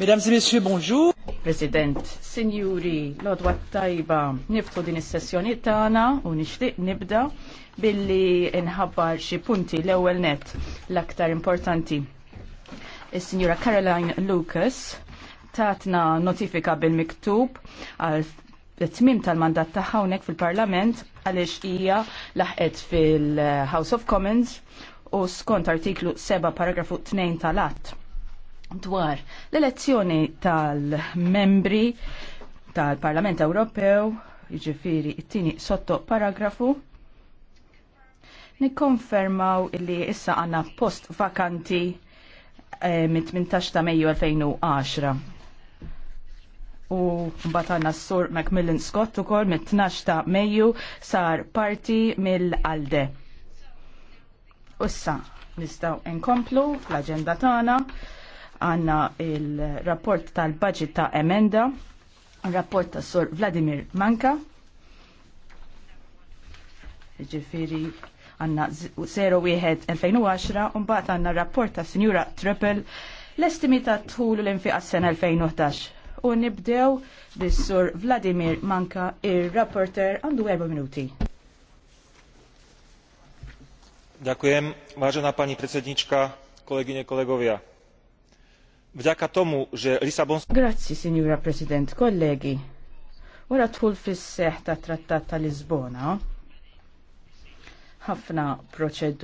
Mesdames et messieurs, bonjour. President, sinjuri, lodwa tajba, niftu din is-sessjoni tagħna u nixtieq nibda billi nħabbar xi punti l-ewwel net l-aktar importanti. Is-Sinjura Caroline Lucas tatna notifika bil-miktub għal tmim tal-mandat tagħha hawnhekk fil-Parlament għaliex hija laħqet fil-House of Commons u skont artiklu 7 paragrafu 2 tal-att dwar l-elezzjoni tal-membri tal-Parlament Ewropew, jiġifieri it-tieni sotto paragrafu, nikkonfermaw li issa għandna post vakanti eh, mit-18 ta' Mejju 2010. U mbagħad għandna s-sur Macmillan Scott ukoll mit-12 ta' Mejju sar parti mill-Alde. Issa nistgħu nkomplu l-aġenda tagħna għanna il-rapport tal-budget ta' emenda, rapport ta' Sor Vladimir Manka, ġifiri għanna 01-2010, un-bat għanna rapport ta' Signora Triple, l-estimi ta' tħulu l-infiqa s-sena 2011. U nibdew bis-sur Vladimir Manka, il-rapporter, għandu 4 minuti. Dziękuję, ważona pani prezydniczka, koleginie, kolegowie Vdaka tomu, že Lisabon... Grazzi, Signora President, kollegi. Wara tħul fis-seħ ta' Trattat ta' Lisbona, ħafna proċedur